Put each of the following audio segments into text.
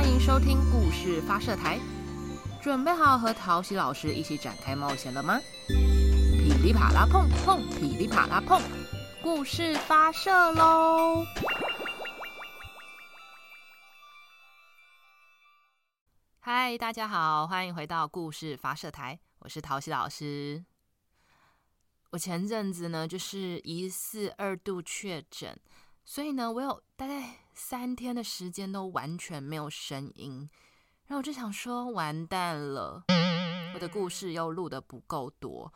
歡迎收聽故事發射台，準備好和陶喜老師一起展開冒險了嗎？噼里啪啦砰砰，噼里啪啦砰！故事發射嘍！嗨，大家好，歡迎回到故事發射台，我是陶喜老師。我前陣子呢，就是疑似二度確診，所以呢，我有大概。三天的時間都完全沒有聲音，然後我就想說，完蛋了，我的故事又錄得不夠多，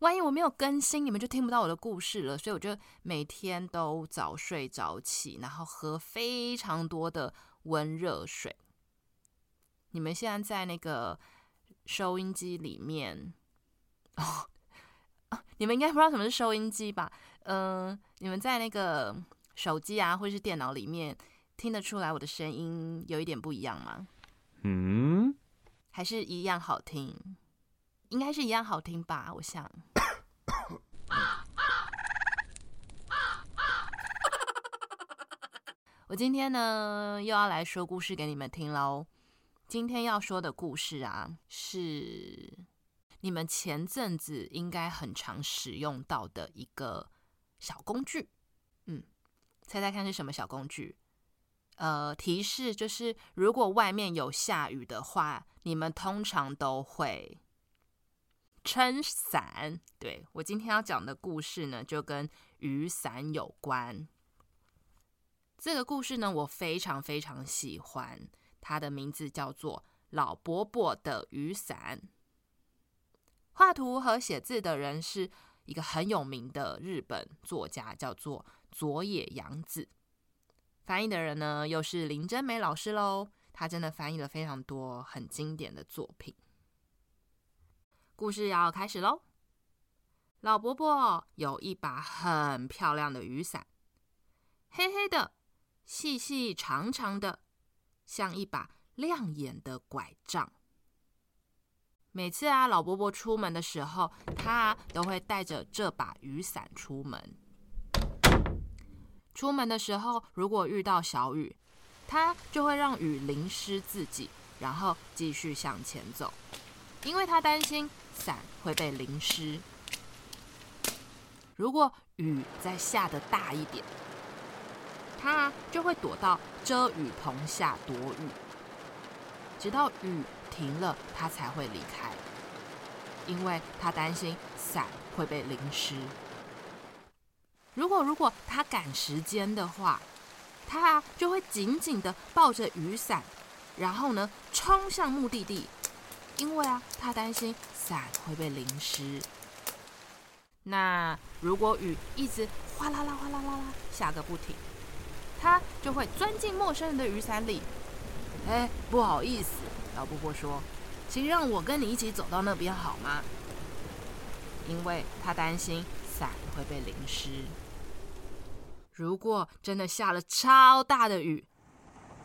萬一我沒有更新，你們就聽不到我的故事了。所以我就每天都早睡早起，然後喝非常多的溫熱水。你們現在在那個收音機裡面，哦，啊，你們應該不知道什麼是收音機吧？嗯，呃，你們在那個。手機啊，或是電腦裡面聽得出來我的聲音有一點不一樣嗎？嗯，還是一樣好聽，應該是一樣好聽吧，我想。 我今天呢又要來說故事給你們聽嘍。今天要說的故事啊，是你們前陣子應該很常使用到的一個小工具。猜猜看是什麼小工具？呃，提示就是，如果外面有下雨的話，你們通常都會撐傘。對，我今天要講的故事呢，就跟雨傘有關。這個故事呢，我非常非常喜歡。它的名字叫做《老伯伯的雨傘》。畫圖和寫字的人是一個很有名的日本作家，叫做。佐野洋子。翻譯的人呢，又是林真美老師嘍。她真的翻譯了非常多很經典的作品。故事要開始嘍。老伯伯有一把很漂亮的雨傘，黑黑的，細細長長的，像一把亮眼的拐杖。每次啊，老伯伯出門的時候，他都會帶着這把雨傘出門。出門的時候，如果遇到小雨，他就會讓雨淋濕自己，然後繼續向前走，因為他擔心傘會被淋濕。如果雨再下得大一點，他就會躲到遮雨棚下躲雨，直到雨停了，他才會離開，因為他擔心傘會被淋濕。如果如果他趕時間的話，他啊就會緊緊地抱着雨傘，然後呢衝向目的地，因為啊他擔心傘會被淋濕。那如果雨一直嘩啦啦嘩啦啦啦下個不停，他就會鑽進陌生人的雨傘裡。哎，不好意思，老伯伯說，請讓我跟你一起走到那邊好嗎？因為他擔心。傘會被淋濕。如果真的下了超大的雨，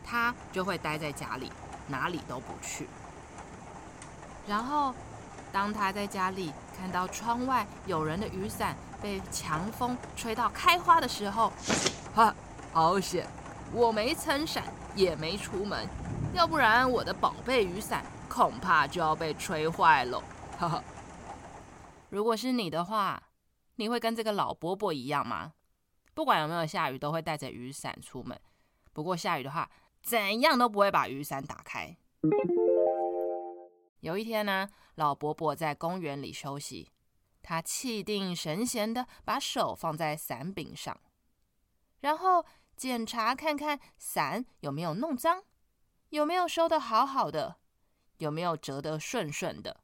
他就會待在家裡，哪裡都不去。然後，當他在家裡看到窗外有人的雨傘被強風吹到開花的時候，哈，好險！我沒撐傘，也沒出門，要不然我的寶貝雨傘恐怕就要被吹壞了。哈哈，如果是你的話。你會跟這個老伯伯一樣嗎？不管有沒有下雨，都會帶着雨傘出門。不過下雨的話，怎樣都不會把雨傘打開。嗯、有一天呢，老伯伯在公園裡休息，他氣定神閒的把手放在傘柄上，然後檢查看看傘有沒有弄髒，有沒有收得好好的，有沒有折得順順的，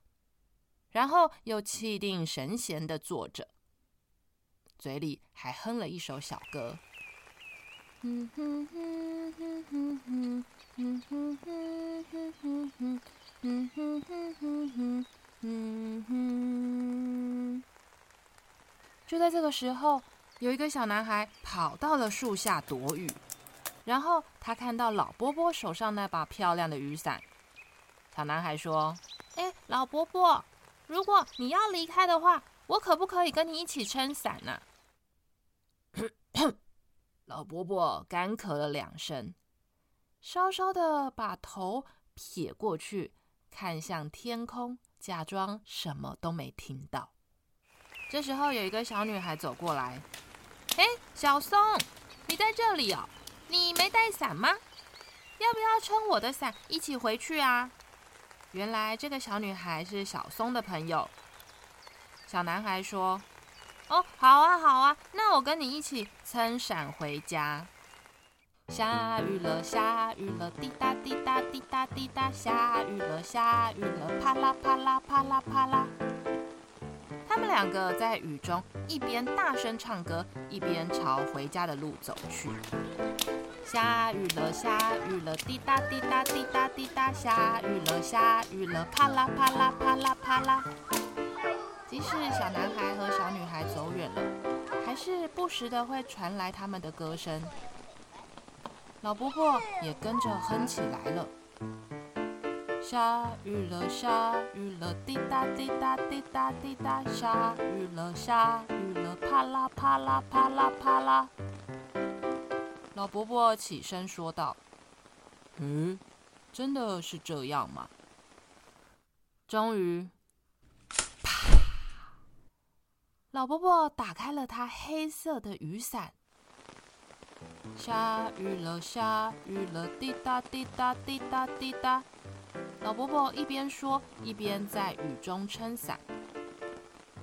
然後又氣定神閒的坐着。嘴裡還哼了一首小歌。嗯哼哼哼哼哼哼哼哼哼哼哼哼哼哼哼哼。就在這個時候，有一個小男孩跑到了樹下躲雨，然後他看到老伯伯手上那把漂亮的雨傘。小男孩說：“哎，老伯伯，如果你要離開的話，我可不可以跟你一起撐傘呢、啊？”老、呃、伯伯乾咳了兩聲，稍稍的把頭撇過去，看向天空，假裝什麼都沒聽到。這時候，有一個小女孩走過來：“誒，小松，你在這裡哦？你沒帶傘嗎？要不要撐我的傘一起回去啊？”原來，這個小女孩是小松的朋友。小男孩說。哦，好啊，好啊，那我跟你一起撐傘回家。下雨了，下雨了，滴答滴答滴答滴答，下雨了，下雨了，啪啦啪啦啪啦啪啦，啪啦。他們兩個在雨中一邊大聲唱歌，一邊朝回家的路走去。下雨了，下雨了，滴答滴答滴答滴答，下雨了，下雨了，啪啦啪啦啪啦啪啦。即使小男孩和小女孩走遠了，還是不時的會傳來他們的歌聲。老伯伯也跟着哼起來了。嗯，下雨了，下雨了，滴答滴答滴答滴答，下雨了，下雨了，啪啦啪啦啪啦，啪啦，啪啦啪啦。老伯伯起身說道：“嗯，真的是這樣嗎？”終於。老伯伯打開了他黑色的雨傘。下雨了，下雨了，滴答滴答滴答滴答。老伯伯一邊說，一邊在雨中撐傘。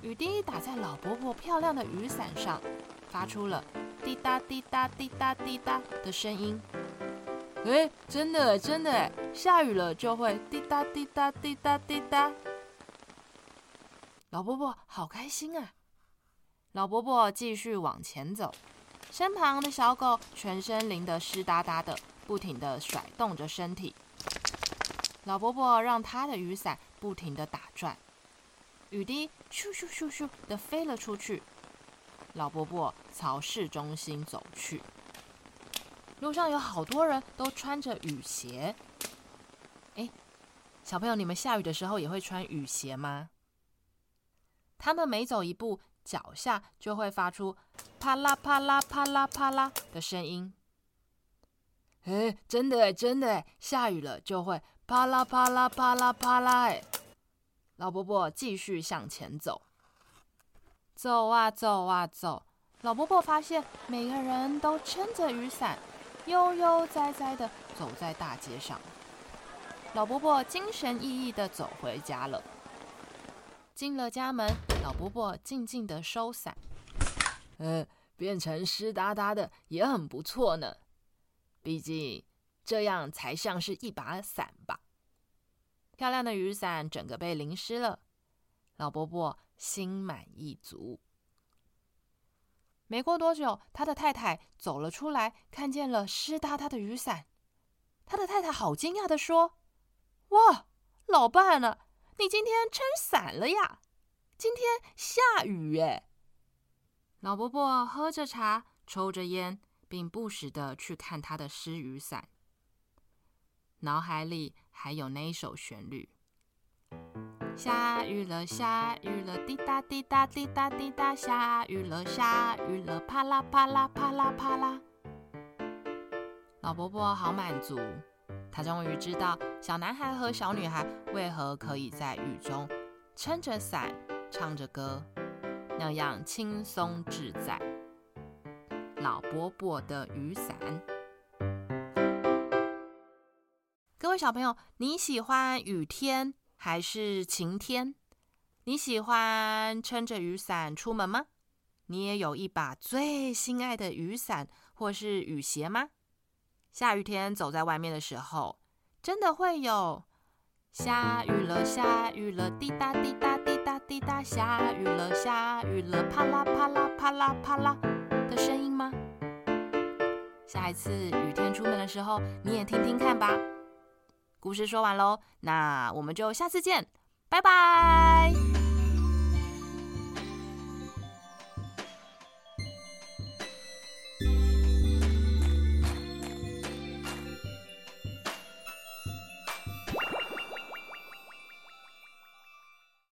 雨滴打在老伯伯漂亮的雨傘上，發出了滴答滴答滴答滴答的聲音。哎，真的，真的，哎，下雨了就會滴答滴答滴答滴答。老伯伯好開心啊！老伯伯繼續往前走，身旁的小狗全身淋得濕噠噠的，不停地甩動着身體。老伯伯讓他的雨傘不停地打轉，雨滴咻咻咻咻地飛了出去。老伯伯朝市中心走去，路上有好多人都穿着雨鞋。誒，小朋友，你們下雨的時候也會穿雨鞋嗎？他們每走一步，腳下就會發出“啪啦啪啦啪啦啪啦”的聲音。誒，真的真的，下雨了就會啪啦啪啦啪啦啪啦誒，老伯伯繼續向前走，走啊走啊走。老伯伯發現每個人都撐着雨傘，悠悠哉哉的走在大街上。老伯伯精神奕奕的走回家了。進了家門，老伯伯靜靜的收傘，呃，變成濕噠噠的也很不錯呢，畢竟這樣才像是一把傘吧。漂亮的雨傘整個被淋濕了，老伯伯心滿意足。沒過多久，他的太太走了出來，看見了濕噠噠的雨傘，他的太太好驚訝的說：“哇，老伴呢？”你今天撐傘了呀？今天下雨耶、欸！老伯伯喝着茶，抽着煙，並不時地去看他的濕雨傘，腦海裡還有那一首旋律：下雨了，下雨了，滴答滴答滴答滴答，下雨了，下雨了，啪啦啪啦啪啦啪啦，啪啦。老伯伯好滿足。他終於知道，小男孩和小女孩為何可以在雨中撐着傘唱着歌，那樣輕鬆自在。老伯伯的雨傘。各位小朋友，你喜歡雨天還是晴天？你喜歡撐着雨傘出門嗎？你也有一把最心愛的雨傘或是雨鞋嗎？下雨天走在外面的時候，真的會有下雨了，下雨了，滴答滴答滴答滴答，下雨了，下雨了，啪啦啪啦啪啦啪啦，啪啦的聲音嗎？下一次雨天出門的時候，你也聽聽看吧。故事說完嘍，那我們就下次見，拜拜。